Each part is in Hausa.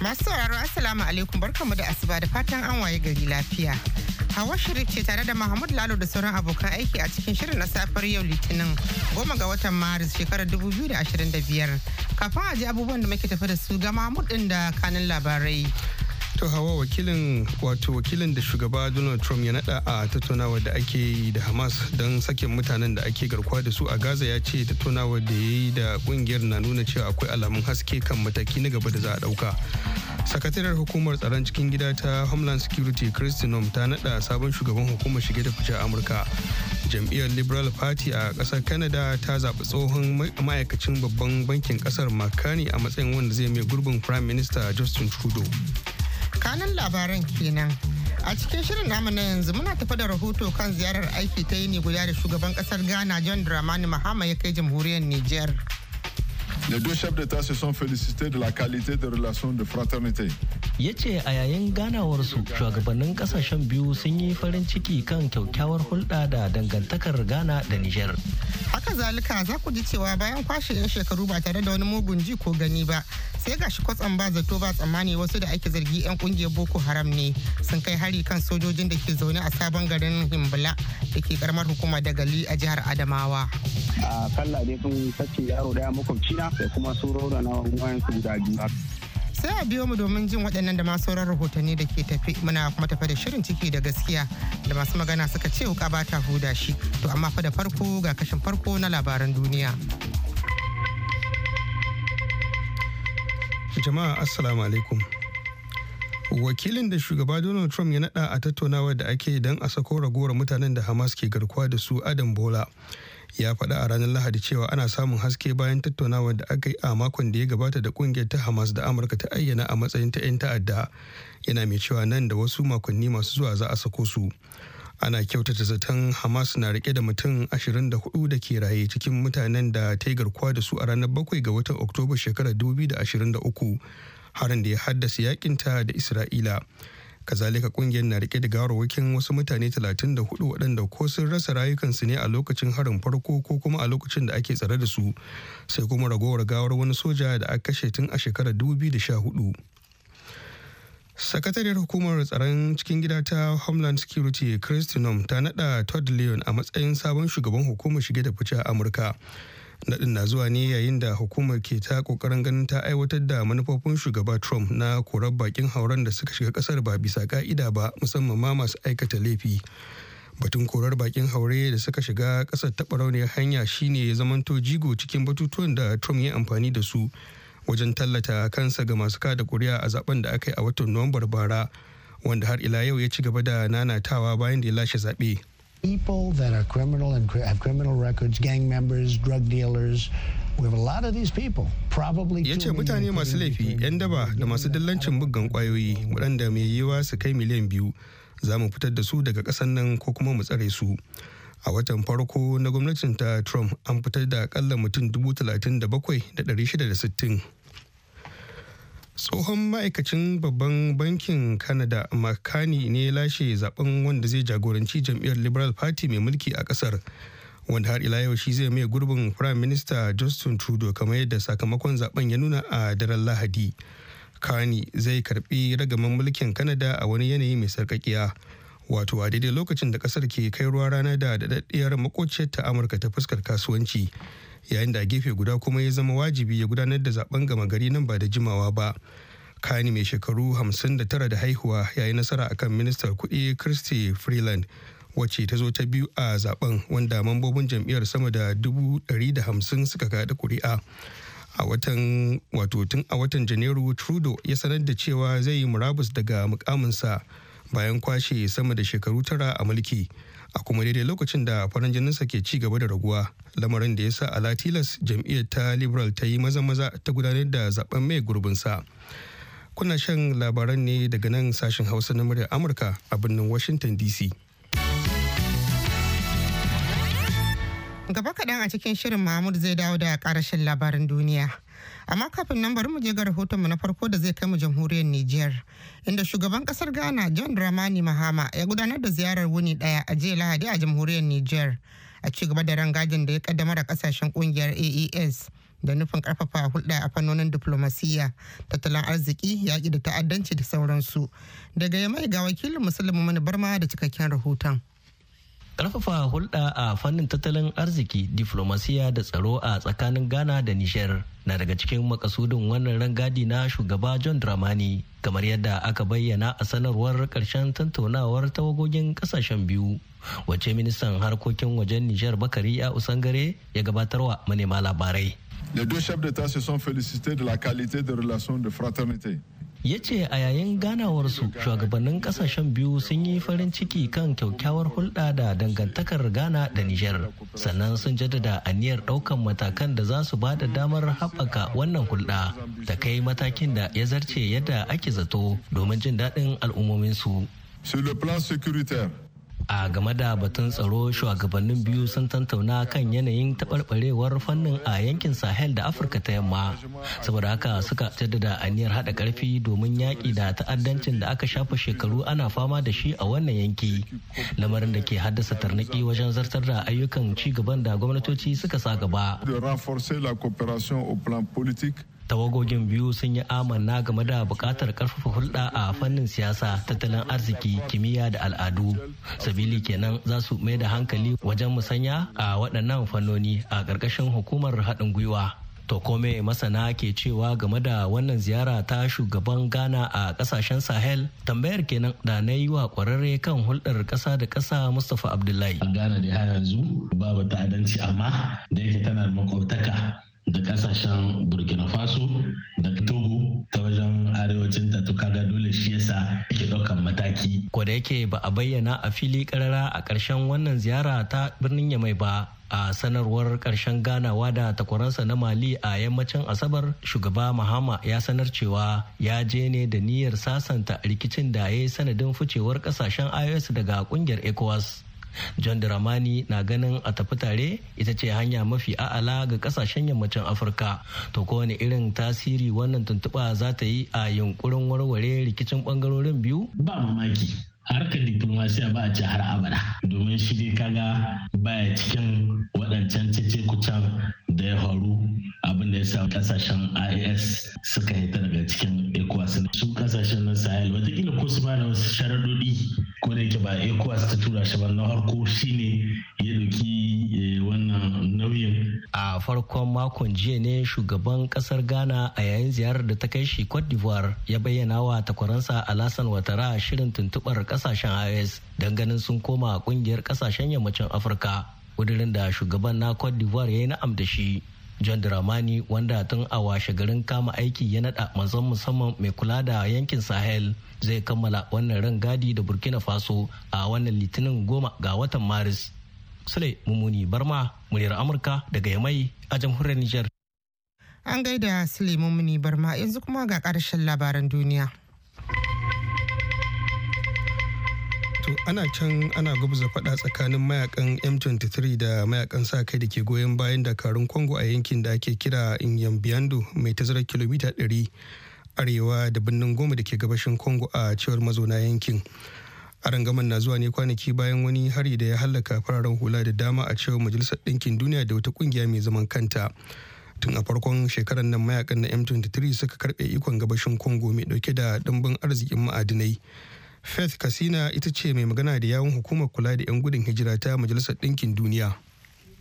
Masu sauraro Assalamu alaikum barkamu da asuba da fatan an waye gari lafiya. Hawa Sharif ce tare da Mahmud Lalo da sauran abokan aiki a cikin shirin na safar yau Litinin goma ga watan Maris shekarar 2025. Kafin a ji abubuwan da muke tafi da su ga Mahmud din da kanin labarai. to hawa wakilin wato wakilin da shugaba donald trump ya nada a tattaunawar da ake yi da hamas don sakin mutanen da ake garkuwa da su a gaza ya ce tattaunawar da ya yi da kungiyar na nuna cewa akwai alamun haske kan mataki na gaba da za a dauka sakataren hukumar tsaron cikin gida ta homeland security kristinom ta nada sabon shugaban hukumar shige da fice amurka jam'iyyar liberal party a kasar canada ta zaɓi tsohon ma'aikacin babban bankin kasar makani a matsayin wanda zai mai gurbin prime minister justin trudeau kanan labaran kenan a cikin shirin namu na yanzu muna tafa da rahoto kan ziyarar aiki ta yini guda da shugaban kasar ghana john dramani mahama ya kai jamhuriyar niger Les deux chefs d'État se sont félicités de la qualité de relations de fraternité. Ya ce a yayin ganawarsu shugabannin kasashen biyu sun yi farin ciki kan kyaukyawar hulɗa da dangantakar Ghana da Nijar. Haka zalika za ku ji cewa bayan kwashe 'yan shekaru ba tare da wani mugun ji ko gani ba, sai gashi kwatsam ba zato ba tsammani wasu da ake zargi 'yan kungiyar Boko Haram ne sun kai hari kan sojojin da ke zaune a sabon garin Himbala da ke karamar hukumar Dagali a jihar Adamawa. A kalla dai sun sace yaro daya makwabcina kuma su na wayan guda biyu sai a biyo mu domin jin waɗannan da masu sauran rahotanni da ke tafi muna kuma tafi da shirin ciki da gaskiya da masu magana suka ce wuka ba ta huda shi to amma fa da farko ga kashin farko na labaran duniya jama'a assalamu alaikum wakilin da shugaba donald trump ya naɗa a tattaunawar da ake don a sako ragowar mutanen da hamas ke garkuwa da su adam bola ya faɗa a ranar lahadi cewa ana samun haske bayan tattaunawar da aka yi a makon da ya gabata da ƙungiyar ta hamas da amurka ta ayyana a matsayin ta 'yan ta'adda yana mai cewa nan da wasu makonni masu zuwa za a sako su ana kyautata zaton hamas na rike da mutum 24 da ke raye cikin mutanen da ta yi garkuwa da su a ranar 7 ga watan oktoba shekarar 2023 harin da ya haddasa yakinta da isra'ila kazalika kungiyar na rike da gawarwakin wasu mutane 34 waɗanda ko sun rasa rayukansu ne a lokacin harin farko ko kuma a lokacin da ake tsare da su sai kuma ragowar gawar wani soja da aka kashe tun a shekarar 2014 sakatariyar hukumar tsaron cikin gida ta homeland security christinom ta nada todd leon a matsayin sabon shugaban hukumar shige da fice a amurka Naɗin na zuwa ne yayin da hukumar ke ta ƙoƙarin ganin ta aiwatar da manufofin shugaba Trump na korar bakin hauren da suka shiga kasar ba bisa ƙa'ida ba musamman ma masu aikata laifi. Batun korar bakin haure da suka shiga ƙasar ta barauniyar hanya shine ya zamanto jigo cikin batutuwan da Trump ya amfani da su wajen tallata kansa ga masu kada kuri'a a zaben da aka yi a watan Nuwambar bara wanda har ila yau ya ci gaba da nanatawa bayan da ya lashe zaɓe. people that are criminal and have criminal records, gang members, drug dealers. We have a lot of these people. Probably ya ce mutane masu laifi 'yan daba da masu dillancin bugan kwayoyi waɗanda mai yiwa su kai miliyan biyu za mu fitar da su daga ƙasar nan ko kuma mu tsare su a watan farko na gwamnatin ta trump an fitar da akalla mutum 37,660 tsohon ma'aikacin babban bankin canada makani ne lashe zaben wanda zai jagoranci jam'iyyar liberal party mai mulki a kasar wanda har ila yau shi zai mai gurbin prime minister justin trudeau kamar yadda sakamakon zaben ya nuna a daren lahadi kani zai karbi ragaman mulkin kanada a wani yanayi mai sarkakiya wato a daidai lokacin da kasar ke kai ruwa rana da daɗaɗɗiyar makociyar ta amurka ta fuskar kasuwanci yayin da a gefe guda kuma ya zama wajibi ya gudanar da zaben gama gari nan ba da jimawa ba kani mai shekaru 59 da haihuwa ya yi nasara kan ministar kuɗi christy freeland wacce ta zo ta biyu a zaben wanda mambobin jam'iyyar sama da 150 suka kaɗa kuri'a a watan wato tun a watan janairu trudeau ya sanar da cewa zai yi murabus daga mukaminsa bayan kwashe sama da shekaru tara a mulki. a kuma daidai lokacin da farin jininsa ke ci gaba da raguwa lamarin da ya sa ala tilas jam'iyyar ta liberal ta yi maza-maza ta gudanar da zaben mai gurbin gurbinsa kuna shan labaran ne daga nan sashen hausa na muryar amurka a birnin washington dc gaba kaɗan a cikin shirin mahmud zai dawo da ƙarashin labaran duniya amma kafin nan bari mu je ga rahotonmu na farko da zai kai mu jamhuriyar nijiyar. inda shugaban kasar ghana john dramani mahama ya gudanar da ziyarar wuni daya a jiya lahadi a jamhuriyar nijiyar. a ci gaba da rangajin da ya kaddamar a kasashen kungiyar aes da nufin karfafa hulɗa a fannonin diplomasiya tattalin arziki yaƙi da ta'addanci da sauransu daga yamai ga wakilin musulmi mani barma da cikakken rahoton Ƙarfafa hulɗa a fannin tattalin arziki, diflomasiya da tsaro a tsakanin Ghana da Nishar na daga cikin makasudin wannan rangadi na shugaba John Dramani, kamar yadda aka bayyana a sanarwar karshen tattaunawar tawagogin kasashen biyu, wace ministan harkokin wajen Nishar Bakari a Usangare ya gabatarwa manema labarai. Les deux chefs d'État se sont félicités de la qualité de relations de fraternité ya ce a yayin ganawar su shugabannin kasashen biyu sun yi farin ciki kan kyaukyawar hulɗa da dangantakar ghana da nijar sannan sun jaddada aniyar ɗaukan matakan da za su ba da damar haɓaka wannan hulɗa ta kai matakin da ya zarce yadda ake zato domin jin daɗin al'ummominsu. su. le plan a game da batun tsaro shugabannin biyu sun tantauna kan yanayin taɓarɓarewar fannin a yankin sahel da afirka ta yamma saboda haka suka jaddada aniyar haɗa karfi domin yaƙi da ta'addancin da aka shafa shekaru ana fama da shi a wannan yanki lamarin da ke haddasa tarnaki wajen zartar da ayyukan ci gaban da gwamnatoci suka sa gaba. tawagogin biyu sun yi amanna game da bukatar karfafa hulɗa a fannin siyasa tattalin arziki kimiyya da al'adu sabili kenan za su mai da hankali wajen musanya a waɗannan fannoni a ƙarƙashin hukumar haɗin gwiwa to kome masana ke cewa game da wannan ziyara ta shugaban ghana a ƙasashen sahel tambayar kenan da na yi wa kwararre kan hulɗar ƙasa da ƙasa mustapha abdullahi a ghana da yanzu babu ta'adanci amma da yake tana makwabtaka da kasashen burkina faso da togo ta wajen arewacin ta to kaga dole shi yasa ke ɗaukan mataki ko da yake ba a bayyana a fili karara a ƙarshen wannan ziyara ta birnin yamai ba a sanarwar ƙarshen ganawa da takwaransa na mali a yammacin asabar shugaba mahama ya sanar cewa ya je ne da niyyar sasanta rikicin da ya yi sanadin ficewar kasashen ios daga kungiyar ecowas john dramani na ganin a tafi tare ita ce hanya mafi a'ala ga kasashen yammacin afirka to kowane irin tasiri wannan tuntuɓa za ta yi a yunkurin warware rikicin bangarorin biyu ba mamaki harkar diplomasiya ba a ci har abada domin shi dai kaga baya cikin waɗancan cece kucan da ya faru abin da ya sa kasashen IAS suka hita daga cikin ECOWAS su kasashen na Sahel wataƙila ko su bada wasu sharadodi ko da yake ba ECOWAS ta tura shi ba na farko shine ya doki eh, wannan nauyin. A farkon makon jiya ne shugaban kasar Ghana a yayin ziyarar da ta kai shi Cote d'Ivoire ya bayyana wa takwaransa alasan watara shirin tuntubar kasashen IAS don ganin sun koma kungiyar kasashen yammacin Afirka. kudirin da shugaban na cote d'ivoire ya yi na'am da shi john dramani wanda tun a washe garin kama aiki ya nada manzon musamman mai kula da yankin sahel zai kammala wannan rangadi da burkina faso a wannan litinin goma ga watan maris sule Mumuni barma muryar amurka daga yamai a jamhuriyar nijar. an gaida sule Mumuni barma yanzu kuma ga karshen labaran duniya wato ana can ana gubza fada tsakanin mayakan m23 da mayakan sa kai da ke goyon bayan dakarun congo a yankin da ake kira inyambiando mai tazarar kilomita 100 arewa da birnin goma da ke gabashin congo a cewar mazauna yankin a rangaman na zuwa ne kwanaki bayan wani hari da ya hallaka fararen hula da dama a cewar majalisar ɗinkin duniya da wata ƙungiya mai zaman kanta tun a farkon shekarar nan mayakan na m23 suka karɓe ikon gabashin congo mai ɗauke da ɗimbin arzikin ma'adinai Faith Kasina ita ce mai magana da yawun hukumar kula da 'yan gudun hijira ta Majalisar Ɗinkin Duniya.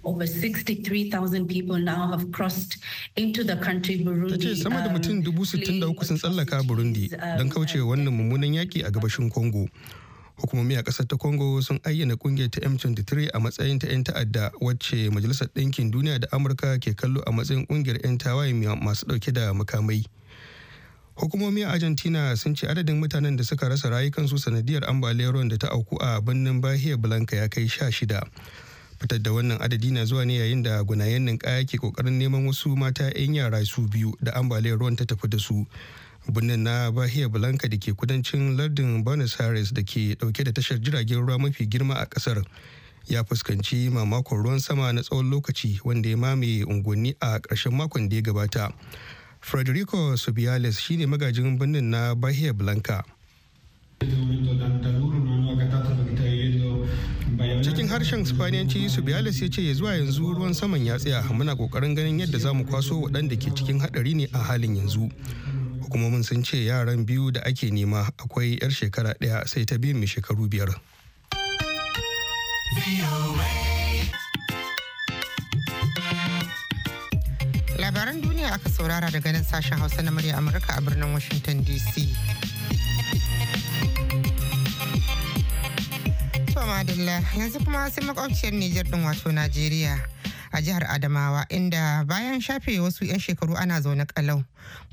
Over 63,000 people now have crossed into the country Ta ce sama da um, mutum 63,000 sun tsallaka um, Burundi uh, don kaucewa wannan mummunan yaƙi a gabashin Congo. hukumomi a ƙasar ta congo sun ayyana ƙungiyar ta m23 a matsayin ta 'yan ta'adda wacce majalisar ɗinkin duniya da amurka ke kallo a matsayin ƙungiyar 'yan tawaye masu ɗauke da makamai hukumomi a argentina sun ce adadin mutanen da suka rasa rayukansu sanadiyar ambaliyar ruwan da ta auku a birnin bahia blanca ya kai sha shida fitar da wannan adadi na zuwa ne yayin da gunayen ninkaya ke kokarin neman wasu mata 'yan yara su biyu da ambaliyar ruwan ta tafi da su birnin na bahia blanca da ke kudancin lardin buenos aires da ke dauke da tashar jiragen ruwa mafi girma a kasar ya fuskanci mamakon ruwan sama na tsawon lokaci wanda ya mamaye unguwanni a ƙarshen makon da ya gabata frederico subiales shi ne magajin birnin na bahia blanca cikin harshen spaniyanci subiales ya ce ya zuwa yanzu ruwan saman ya tsaya muna kokarin ganin yadda za mu kwaso waɗanda ke cikin haɗari ne a halin yanzu hukumomin sun ce yaran biyu da ake nema akwai 'yar shekara ɗaya sai ta biyu mai shekaru biyar. Labarai aka saurara da ganin sashen Hausa na murya Amurka a birnin Washington DC. madalla yanzu kuma sai makwabciyar Nijar din wato Najeriya a jihar Adamawa inda bayan shafe wasu 'yan shekaru ana zaune kalau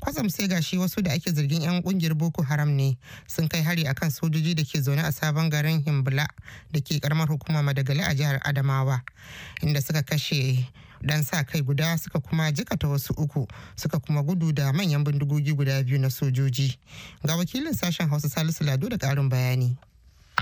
kwatsam sai gashi wasu da ake zargin 'yan kungiyar Boko Haram ne sun kai hari akan sojoji da ke zaune a sabon garin Himbla da ke karamar hukuma Madagali a jihar Adamawa inda suka kashe dan sa kai guda suka kuma jikata wasu uku suka kuma gudu da manyan bindigogi guda biyu na sojoji ga wakilin sashen hausa salisu lado da karin bayani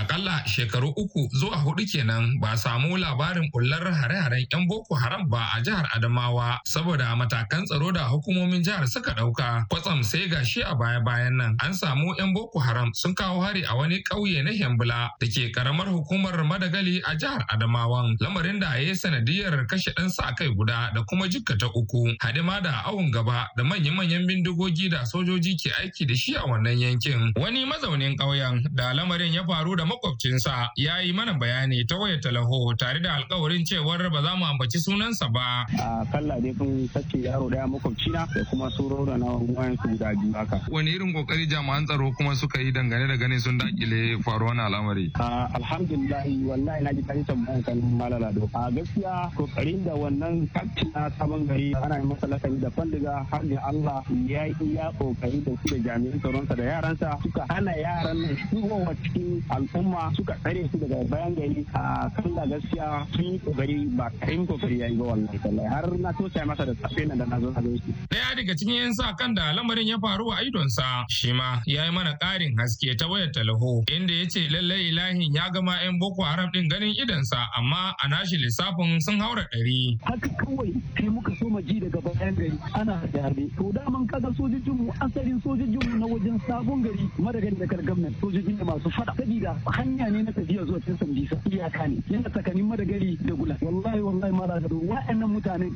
akalla shekaru uku zuwa hudu kenan ba a samu labarin bullar hare-haren 'yan boko haram ba a jihar adamawa saboda matakan tsaro da hukumomin jihar suka dauka kwatsam sai gashi a baya-bayan nan an samu 'yan boko haram sun kawo hari a wani ƙauye na hembla da ke karamar hukumar madagali a jihar Adamawa, lamarin da ya yi sanadiyar kashe ɗan sa kai guda da kuma jikka ta uku hadima da awon gaba da manya-manyan bindigogi da sojoji ke aiki da shi a wannan yankin wani mazaunin ƙauyen da lamarin ya faru da makwabcinsa ya yi mana bayani ta wayar talaho tare da alkawarin cewar ba za mu ambaci sunansa ba. A kalla dai kun sace yaro daya makwabcina da kuma surora na wayan su guda biyu haka. Wani irin kokari jami'an tsaro kuma suka yi dangane da ganin sun dakile faruwar al'amari? Alhamdulillah wallahi na ji ta tambayan kan malala do. A gaskiya kokarin da wannan kaftin na sabon gari ana yi masa lakari da fandiga har da Allah ya yi iya kokari da su da jami'an tsaronsa da yaransa suka hana yaran nan shigowa cikin al'umma al'umma suka tsare su daga bayan gari a kan da gaskiya sun yi kokari ba karin kokari ya yi ba wallahi har na tosa masa da tsafe nan da na zo na shi. daya daga cikin yan sa kan da lamarin ya faru a idonsa shi ma ya yi mana ƙarin haske ta wayar talaho inda ya ce lallai ilahin ya gama yan boko haram ɗin ganin idonsa amma a nashi lissafin sun haura ɗari. haka kawai sai muka so ji daga bayan gari ana harbe to daman kaga sojojinmu asalin sojojinmu na wajen sabon gari madagari da gwamnati sojojin masu fada sabida hanya ne na tafiya zuwa cikin Bisa iyaka ne yana tsakanin madagari da gula wallahi wallahi ma da gado wa'annan mutane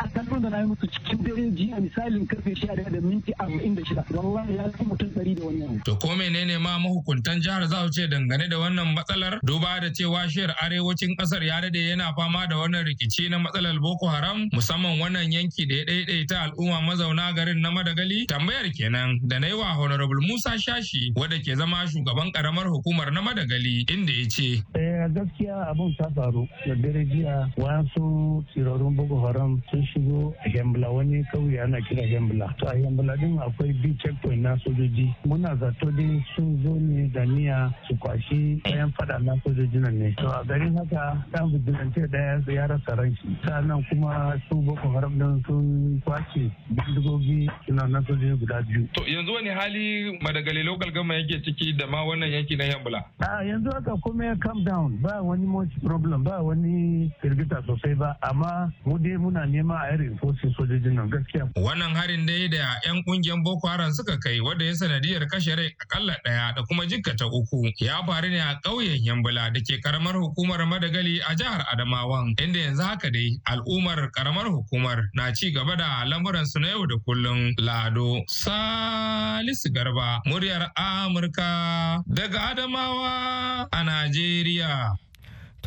a kallon da na yi musu cikin dare jiya misalin karfe 11 da minti 46 wallahi ya fi mutum 100 da wani abu to ko menene ma mahukuntan jihar za su ce dangane da wannan matsalar duba da cewa shiyar arewacin kasar ya dade yana fama da wannan rikici na matsalar boko haram musamman wannan yanki da ya daidaita al'umma mazauna garin na madagali tambayar kenan da na yi wa honorable musa shashi wadda ke zama shugaban karamar hukumar na madagali gali inda ya ce. Eh, a gaskiya abun ta faru da dare jiya wasu tsirarun boko haram sun shigo a gambla wani kauye ana kira gambla to a gambla din akwai b checkpoint na sojoji muna zato dai sun zo ne da niya su kwashi bayan fada na sojoji nan ne to a garin haka dan vigilante daya ya rasa ran shi sannan kuma su boko haram din sun kwace bindigogi suna na sojoji guda biyu to yanzu wani hali madagali local government yake ciki da ma wannan yanki na yambula a yanzu haka kuma ya calm down ba wani much problem ba wani firgita sosai ba amma mu dai muna nema a yarin fosin sojojin nan gaskiya. Wannan harin dai da 'yan kungiyar Boko Haram suka kai wanda ya sanadiyar kashe rai akalla ɗaya da kuma jikkata uku ya faru ne a ƙauyen Yambula da ke karamar hukumar Madagali a jihar Adamawan inda yanzu haka dai al'ummar karamar hukumar na ci gaba da su na yau da kullum Lado Salisu Garba muryar Amurka daga Adamawa a Najeriya.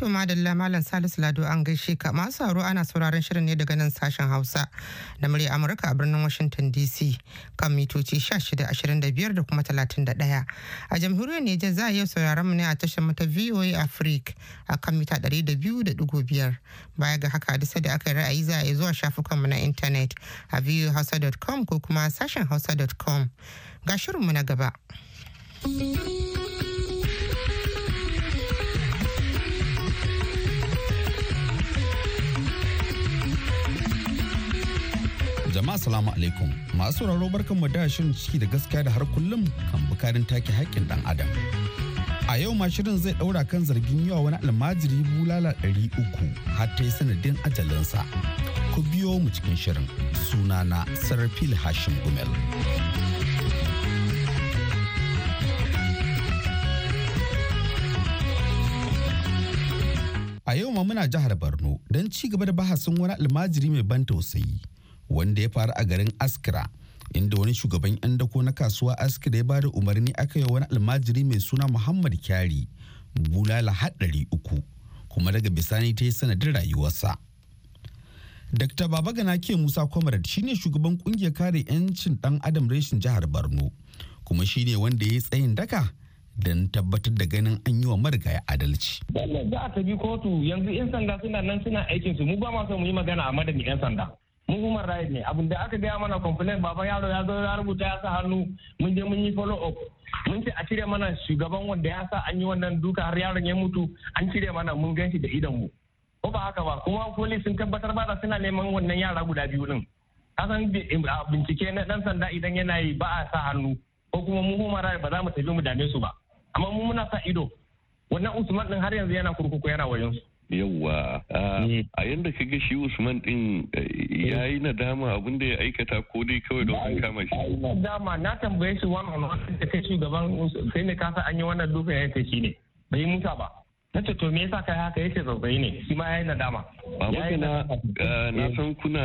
To madalla Malam Salisu Lado an gaishe ka masu haro ana sauraron shirin ne daga nan sashen Hausa na murya Amurka a birnin Washington DC kan mitoci 1625 da kuma 31. A jamhuriyar Nijar za a iya sauraron mu ne a tashar mata VOA Africa a kan mita 200.5. Baya ga haka duk da aka yi ra'ayi za a iya zuwa shafukan mu na intanet a voahausa.com ko kuma sashen hausa.com. Ga mu na gaba. Jama'a salamu alaikum masu raro barkan mu da shirin ciki da gaskiya da har kullum kan bukarin take haƙƙin dan adam. A yau ma shirin zai ɗaura kan zargin yawa wani almajiri bulala ɗari uku har ta yi sanadin ajalinsa. Ku biyo mu cikin shirin sunana Sarfil Hashim Gumel. A yau ma muna jihar Borno don ci gaba da bahasin wani almajiri mai ban tausayi wanda ya faru a garin askira inda wani shugaban 'yan dako na kasuwa askira ya bada umarni aka yi wani almajiri mai suna muhammad kyari bulala haɗari uku kuma daga bisani ta yi sanadin rayuwarsa dr babagana ke musa comrade shine shugaban kungiyar kare 'yancin dan adam reshin jihar borno kuma shine wanda ya yi tsayin daka don tabbatar da ganin an yi wa marigaya adalci. Za a tabi kotu yanzu 'yan sanda suna nan suna aikinsu mu ba ma mu yi magana a madadin 'yan sanda. mu human rights ne abin da aka gaya mana complain baban yaro ya zo ya rubuta ya sa hannu mun je mun yi follow up mun ce a cire mana shugaban wanda ya sa an yi wannan duka har yaron ya mutu an cire mana mun ganshi da idan mu ko ba haka ba kuma police sun tabbatar ba da suna neman wannan yara guda biyu din kasan bincike na dan sanda idan yana yi ba a sa hannu ko kuma mu human rights ba za mu tafi mu dame su ba amma mu muna sa ido wannan usman din har yanzu yana kurkuku yana wayansu yawwa ah, mm. a yanda kaga shi usman din eh, ya yi nadama abin da ya aikata ko dai kawai don an kama shi nadama na tambaye shi wani wani da kai shugaban sai ne kasa an yi wannan dukan ya kai shi ne bai musa ba na ce to me yasa kai haka yace zazzabi ne shi ma ya yayi nadama ba na ah, na san kuna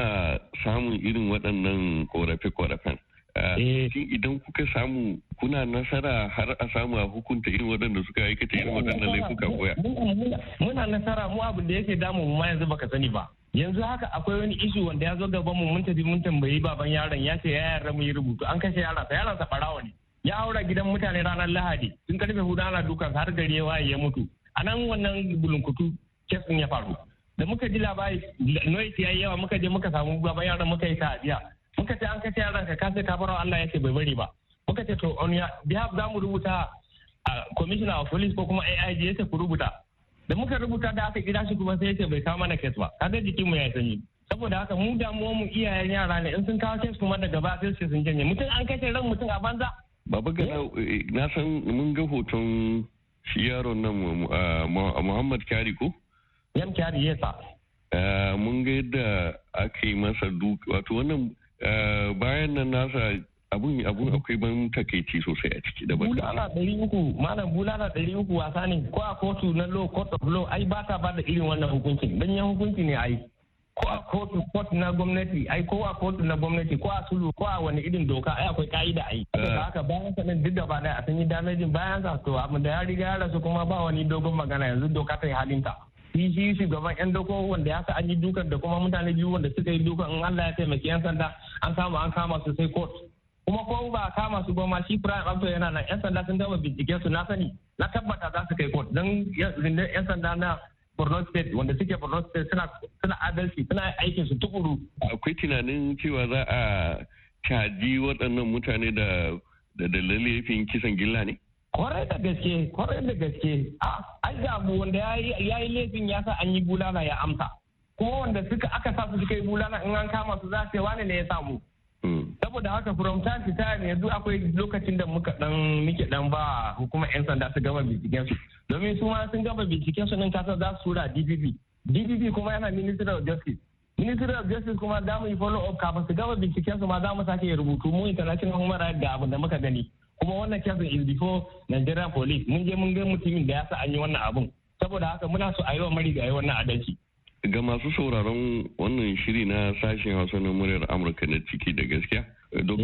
samun irin waɗannan korafe korafen Eh, eh. Shin idan kuka samu kuna nasara har a samu a hukunta irin waɗanda suka aikata irin waɗannan laifuka koya? Muna nasara mu abin da yake damu mu ma yanzu baka sani ba. Yanzu haka akwai wani isu wanda ya zo gaban mu mun tafi mun tambayi baban yaron ya ce ya yarda mu yi rubutu an kashe yaron sa yaron sa barawa ne. Ya aura gidan mutane ranar Lahadi sun karfe hudu ana dukan har gari ya waye ya mutu. A nan wannan bulunkutu kesin ya faru. Da muka ji labari noise ya yi yawa muka je muka samu baban yaron muka yi ta'aziya. muka ce an kace yaran ka kace ka barawa Allah ya ce bai bari ba muka ce to on ya biya za mu rubuta commissioner of police ko kuma AIG ya ce ku rubuta da muka rubuta da aka kira shi kuma sai ya bai kawo mana case ba kaga jikin mu ya sanyi saboda haka mu damuwa mu iyayen yara ne in sun kawo case kuma daga ba sai sun janye mutum an kace ran mutum a banza babu ga eh, na san mun ga hoton shi yaron nan Muhammad Kari ko yan Kari yasa eh, mun ga yadda aka yi masa duk wato wannan Eh, bayan nan nasa abun abun akwai ban takaici sosai a ciki da bulala ɗari uku malam bulala ɗari uku wasa ne ko a kotu na law court of law ai ba ta ba da irin wannan hukuncin dan yan hukunci ne ai ko a kotu court na gwamnati ai ko a kotu na gwamnati ko a sulu ko a wani irin doka ai akwai ka'ida ai eh. saboda haka bayan sa nan duk da ba da a san yi damejin bayan sa to abin da ya riga ya rasu kuma ba wani dogon magana yanzu doka ta yi halinta shi gaban shugaban yan doko wanda ya sa an yi dukan da kuma mutane biyu wanda suka yi dukan in Allah ya taimaki yan sanda an kama an kama su sai court kuma ko ba a kama su goma shi Prime Abdo yana nan yan sanda sun gama binciken su na sani na tabbata za su kai court don yan sanda na Borno State wanda suke Borno State suna adalci suna aikin su tukuru akwai tunanin cewa za a caji waɗannan mutane da da laifin kisan gilla ne kwarai da gaske kwarai da gaske an damu wanda ya yi laifin ya sa an yi bulala ya amsa kuma wanda suka aka sa su suka yi bulala in an kama su za su wane ne ya samu hmm. saboda haka from time to time yanzu akwai lokacin da muka dan muke dan ba hukumar yan sanda su gama binciken su domin su ma sun gama binciken su din kasa za su tura DPP DPP kuma yana Minister of Justice Minister of Justice kuma za mu yi follow up kafin su gama binciken su ma za mu sake rubutu mu international human rights da abin da muka gani kuma wannan kyasin is before Nigeria police mun je mun ga mutumin da ya sa an yi wannan abun saboda haka muna so a yi wa mari ga yi wannan adalci ga masu sauraron wannan shiri na sashen hausa na muryar amurka na ciki da gaskiya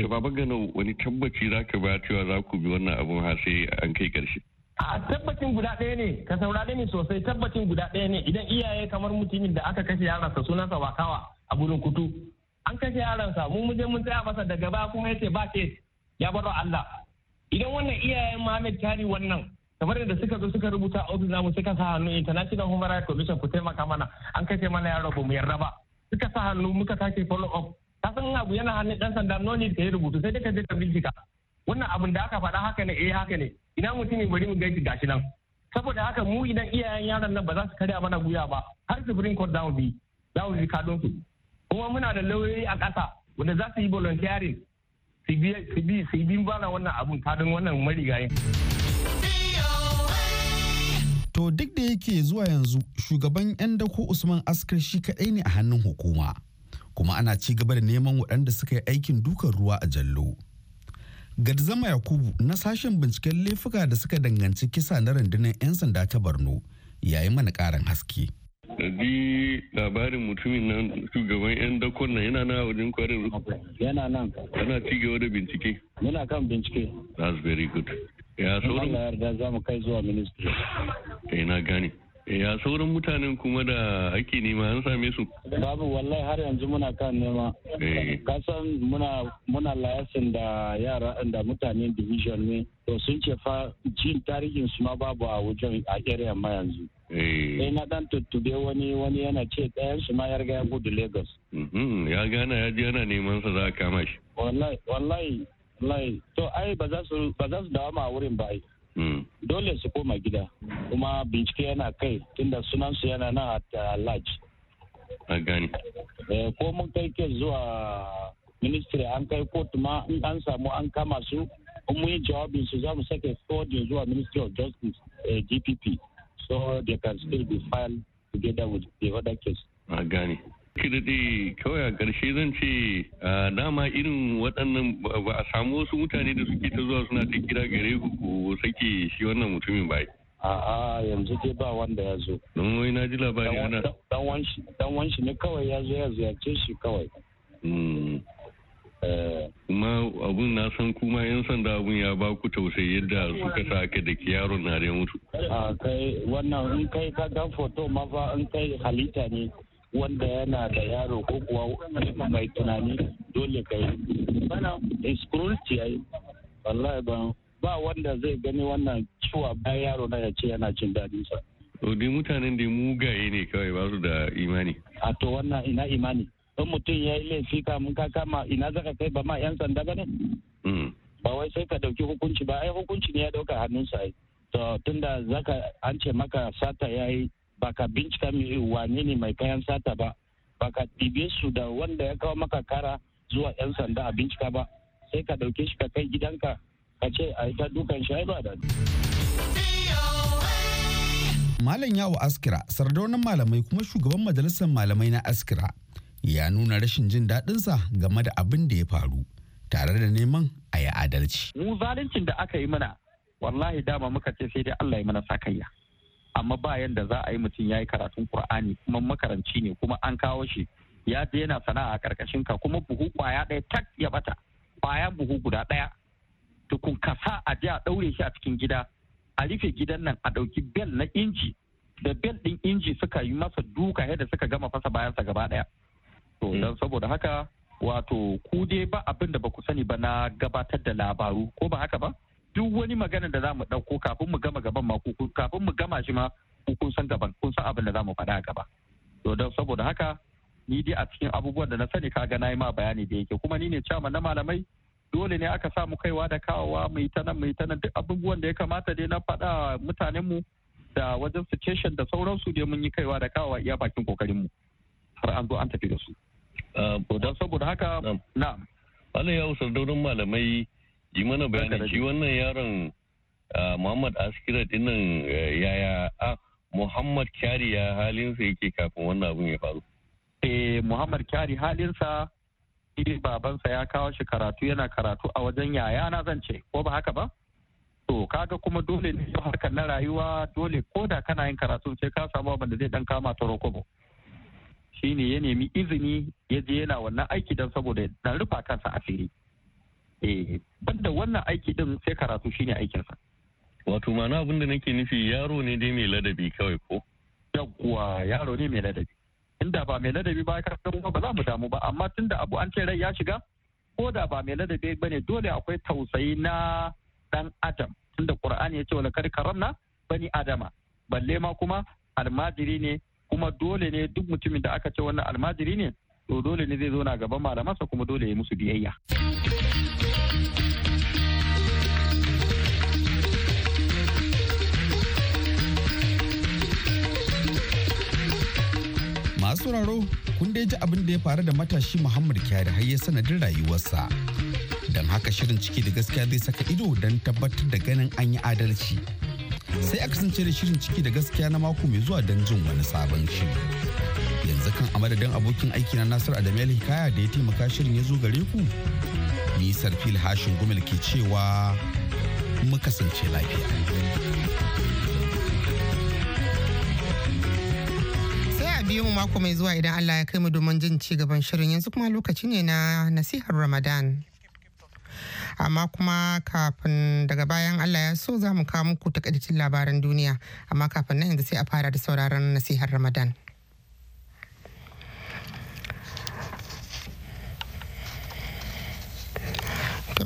baba gano wani tabbaci za ka ba cewa za ku bi wannan abun har sai an kai ƙarshe. A tabbacin guda ɗaya ne, ka saurare ni sosai tabbacin guda ɗaya ne idan iyaye kamar mutumin da aka kashe yaransa sunansa wakawa a gurin kutu. An kashe yaransa mu muje mun tsaya masa daga ba kuma yace ba ke ya baro Allah. idan wannan iyayen Muhammad Tari wannan kamar yadda suka zo suka rubuta ofis namu suka sa hannu international human rights commission ku taimaka mana an kai mana yaro ba mu yarda ba suka sa hannu muka sake follow up ka san abu yana hannun dan sanda no need ka yi rubutu sai dai ka je ka bincika wannan abin da aka faɗa haka ne eh haka ne ina mutum bari mu gaji gashi nan saboda haka mu idan iyayen yaron nan ba za su karya mana guya ba har supreme court za mu bi za mu bi kadon su kuma muna da lauyoyi a ƙasa wanda za su yi volunteering su bi su wannan abun kadin wannan marigayin. To duk da yake zuwa yanzu shugaban 'yan dako Usman Askar shi kaɗai ne a hannun hukuma. Kuma ana ci gaba da neman waɗanda suka yi aikin dukan ruwa a jallo. Garzama Yakubu na sashen binciken laifuka da suka danganci kisa na rundunar 'yan sanda ta Borno yayi mana ƙarin haske. da bi labarin mutumin nan shugaban 'yan dakon nan yana na wajen kwarin yana nan yana cigaba da bincike yana kan bincike that's very good ya sauran Allah yarda za mu kai zuwa ministry eh na gane ya sauran mutanen kuma da ake nema an same su babu wallahi har yanzu muna kan nema eh. kasan muna muna layasin da yara da mutanen division ne to sun ce fa jin tarihin su ma babu a wajen a area ma yanzu Eh. sai na dan tuttube wani wani yana ce ɗayan su ma ya riga ya gudu Lagos. Mm-hmm. Ya gana ya je yana neman sa za a kama shi. Wallahi wallahi wallahi to ai ba za su ba za su ma wurin ba ai. Mm. Dole su koma gida kuma bincike yana kai tunda sunan su yana nan a uh, Laj. A gani. Eh, ko mun kai kes zuwa ministry an kai kotu ma in an samu an kama su kuma mun yi jawabin su za mu sake forwarding zuwa ministry of justice dpp eh, so they can still be filed together with the other case. A gane. Kirɗi kawai a ƙarshe zan ce dama irin waɗannan ba a samu wasu mutane da suke ta zuwa suna ta kira gare ku ko sake shi wannan mutumin bai. A'a yanzu dai ba wanda ya zo. Don wai na ji labari ana. Dan wanshi ne kawai ya zo ya ziyarce shi kawai. Hmm. kuma abun na san kuma yan sanda abun ya ba ku tausayi yadda suka sa ka da yaron na da mutu a kai wannan in kai ka ga foto ma fa in kai halitta ne wanda yana da yaro ko kuwa mai tunani dole kai is ya yi wallahi ba ba wanda zai gani wannan ciwa bayan yaro na ya ce yana cin dadin sa to dai mutanen da mugaye ne kawai ba su da imani a to wannan ina imani in mutum ya yi laifi kamun ka kama ina za ka kai ba ma yan sanda ba ne hmm. ba wai sai ka dauki hukunci ba ai hukunci ne ya dauka sa ai to tun tunda zaka an ce maka sata ya yi ba ka bincika wane ne mai kayan sata ba ba ka ɗibe su da wanda ya kawo maka kara zuwa yan sanda a bincika ba sai ka dauke shi ka kai gidanka ka ce a ta dukan shi ba da Malam Yawo Askira, sardaunin malamai kuma shugaban majalisar malamai na Askira, ya nuna rashin jin daɗinsa game da abin da ya faru tare da neman a yi adalci. Mu zaluncin da aka yi mana wallahi dama muka ce sai dai Allah ya mana sakayya. Amma bayan da za a yi mutum ya yi karatun Kur'ani kuma makaranci ne kuma an kawo shi ya je yana sana'a a karkashin ka kuma buhu kwaya ɗaya tak ya bata kwaya buhu guda ɗaya. Tukun kasa a je a ɗaure shi a cikin gida a rufe gidan nan a ɗauki bel na inji da bel ɗin inji suka yi masa duka yadda suka gama fasa bayansa gaba ɗaya. to mm. don saboda haka wato ku dai ba abin da ba ku sani ba na gabatar da labaru ko ba haka ba duk wani magana da za mu ɗauko kafin mu gama gaban ma kafin mu gama shi ma kun san gaban kun san abin da za mu faɗa a gaba to don saboda haka ni dai a cikin abubuwan da na sani kaga na yi ma bayani da yake kuma ni ne cama na malamai dole ne aka samu kaiwa da kawowa mai ta nan mai ta nan duk abubuwan da ya kamata dai na faɗa mutanen mu da wajen station da sauransu dai mun yi kaiwa da kawawa iya bakin kokarin mu har an zo an tafi da su Eh, don saboda haka na wannan ya usar daunin malamai yi mana bayani shi wannan yaron eh, muhammad askira dinnan eh, yaya a muhammad kyari ya halinsa yake kafin wannan abin ya faru eh muhammad kyari halinsa shi babansa ya kawo shi karatu yana karatu a wajen yaya na zan ce ko ba haka ba to kaga kuma dole ne harkar na rayuwa dole ko da kana yin karatu sai ka samu abin da zai dan kama ta rokobo shine ya nemi izini ya je yana wannan aiki don saboda dan rufa kansa asiri Ban eh, banda wannan aiki din sai karatu shine aikinsa wato ma'ana abin da nake nufi yaro ne dai mai ladabi kawai ko yawwa yaro ne mai ladabi inda ba mai ladabi ba ya ka ba za mu damu ba amma tunda abu an ce rai ya shiga ko da ba mai ladabi ba ne dole akwai tausayi na dan adam tunda ƙur'ani ya ce wala kar ba bani adama balle ma kuma almajiri ne kuma dole ne duk mutumin da aka ce wannan almajiri ne to dole ne zai zo na gaban malamansa kuma dole ya musu biyayya. masu sauraro kun dai ji abin da ya faru da matashi Muhammad Kyari har ya sanadin rayuwarsa. Don haka shirin ciki da gaskiya zai saka ido don tabbatar da ganin an yi adalci sai a kasance da shirin ciki da gaskiya na mako mai zuwa don jin wani sabon shiri. Yanzu kan a madadin abokin aiki na Nasir yal Hikaya da ya taimaka shirin ya zo gare ku. Ni Sarfil Hashin Gumel ke cewa mu kasance lafiya. Sai a biyo mu mako mai zuwa idan Allah ya kai mu domin jin ci gaban shirin yanzu kuma lokaci ne na nasihar Ramadan. amma kuma kafin daga bayan Allah ya so za mu kawo muku takaitaccen labaran duniya amma kafin nan yanzu sai a fara da sauraron nasihar Ramadan.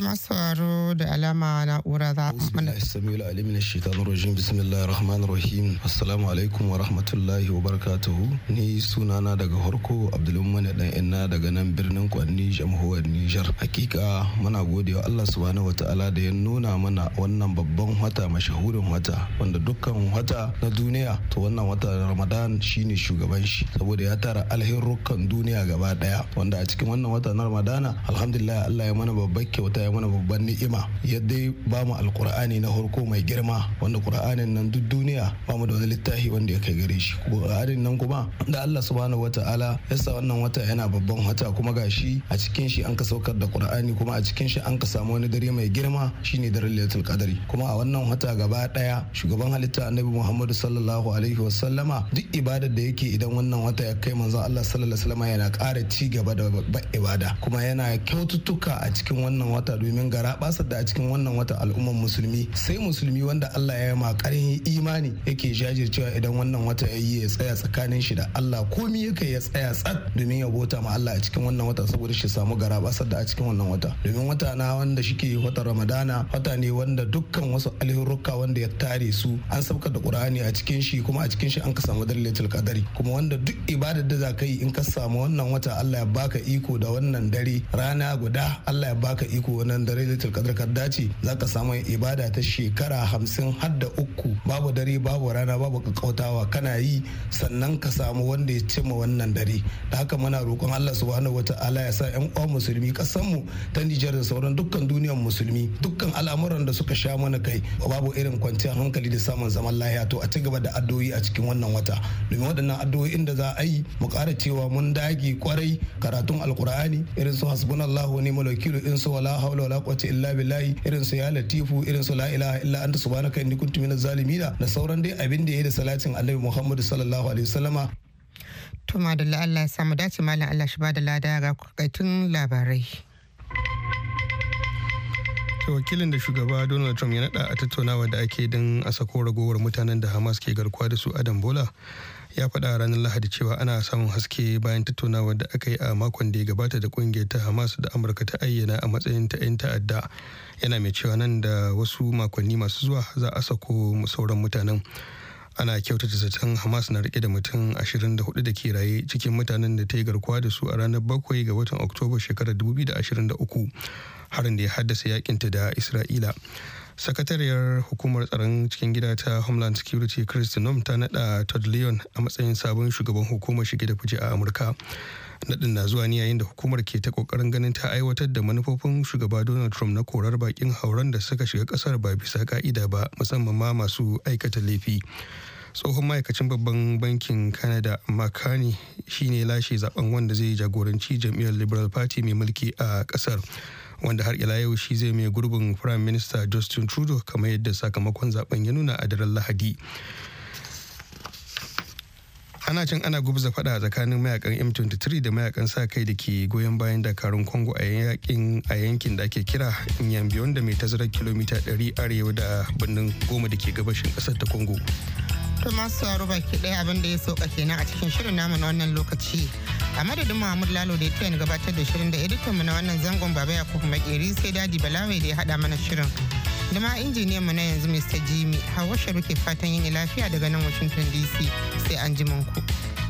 masu sauraro da alama na'ura za mana. Bismillahir Rahmanir Shaitanir Rajim Bismillahir Rahmanir Rahim Assalamu alaikum wa rahmatullahi wa barakatuhu ni sunana daga Horko Abdulmumin dan inna daga nan birnin Kwanni jamhuriyar Nijar. Hakika muna godewa Allah subhanahu wataala da ya nuna mana wannan babban wata mashahurin wata wanda dukkan wata na duniya to wannan wata Ramadan shine shugaban shi saboda ya tara alherukan duniya gaba daya wanda a cikin wannan wata na Ramadana alhamdulillah Allah ya mana babbar kyauta ya mana babban ni'ima yadda ba mu alkur'ani na harko mai girma wanda kur'anin nan duk duniya ba mu da wani littafi wanda ya kai gare shi kur'anin nan kuma da Allah subhanahu wataala ya sa wannan wata yana babban wata kuma gashi a cikin shi an ka saukar da kur'ani kuma a cikin shi an ka samu wani dare mai girma shine daren lailatul qadari kuma a wannan wata gaba daya shugaban halitta annabi Muhammadu sallallahu alaihi wa sallama duk ibadar da yake idan wannan wata ya kai manzon Allah sallallahu alaihi wa sallama yana kara ci gaba da ibada kuma yana kyaututtuka a cikin wannan wata domin gara basar da a cikin wannan wata al'ummar musulmi sai musulmi wanda Allah ya ma karin imani yake jajircewa idan wannan wata ya yi ya tsaya tsakanin shi da Allah komi yake ya tsaya tsat domin ya bota ma Allah a cikin wannan wata saboda shi samu gara basar da a cikin wannan wata domin wata na wanda shike wata Ramadana wata ne wanda dukkan wasu alhurruka wanda ya tare su an sabka da Qur'ani a cikin shi kuma a cikin shi an ka samu dalilatul qadari kuma wanda duk ibadar da zaka yi in ka samu wannan wata Allah ya baka iko da wannan dare rana guda Allah ya baka iko nan dare litil kadar kaddaci za ka samu ibada ta shekara hamsin har da uku babu dare babu rana babu kakautawa kana yi sannan ka samu wanda ya cimma wannan dare da haka muna roƙon allah subhanahu ta'ala ya sa yan uwa musulmi mu ta nijar da sauran dukkan duniyar musulmi dukkan al'amuran da suka sha mana kai babu irin kwanciyar hankali da samun zaman lahiya to a ci gaba da addu'o'i a cikin wannan wata domin waɗannan addu'o'in da za a yi mu ƙara cewa mun dage kwarai karatun alkur'ani irin su hasbunallahu ne malakilu in su wala haula wala quwwata illa billahi irin su ya latifu irin su la ilaha illa anta subhanaka inni kuntu minaz zalimina da sauran dai abin da yake da salatin annabi Muhammad sallallahu alaihi wasallama to madalla Allah ya samu dace malam Allah shi bada lada ga kaitun labarai wakilin da shugaba donald trump ya nada a tattaunawa da ake don a sako ragowar mutanen da hamas ke garkuwa da su adam bola ya faɗa ranar lahadi cewa ana samun haske bayan tattaunawa da aka yi a makon da ya gabata da kungiyar ta hamas da amurka ta ayyana a matsayin ta 'yan ta'adda yana mai cewa nan da wasu makonni masu zuwa za a sako sauran mutanen ana kyautata zaton hamas na rike da mutum 24 da ke raye cikin mutanen da ta yi garkuwa da su a ranar 7 ga watan oktoba shekarar 2023 harin da ya haddasa yakinta da isra'ila sakatariyar hukumar tsaron cikin gida ta homeland security chris nom ta nada todd leon a matsayin sabon shugaban hukumar shige da fice a amurka nadin na zuwa ne yayin da hukumar ke ta kokarin ganin ta aiwatar da manufofin shugaba donald trump na korar bakin hauren da suka shiga kasar ba bisa ka'ida ba musamman ma masu aikata laifi tsohon ma'aikacin babban bankin canada makani shine lashe zaben wanda zai jagoranci jam'iyyar liberal party mai mulki a kasar wanda har ila yau shi zai mai gurbin prime minister justin trudeau kamar yadda sakamakon zaben ya nuna a daren lahadi ana cin ana gubza fada tsakanin mayakan m23 da mayakan sa kai da ke goyon bayan dakarun congo a yankin da ake kira nyambiyon da mai tazarar kilomita 100 arewa da birnin goma da ke gabashin kasar ta congo to masu baki ɗaya abin da ya sauka kenan a cikin shirin namu na wannan lokaci a madadin muhammad lalo da ya gabatar da shirin da editanmu na wannan zangon baba yakub makeri sai dadi balawai da ya hada mana shirin da ma injiniyan mu na yanzu mr jimmy hawa sharu ke fatan yin lafiya daga nan washington dc sai an ku.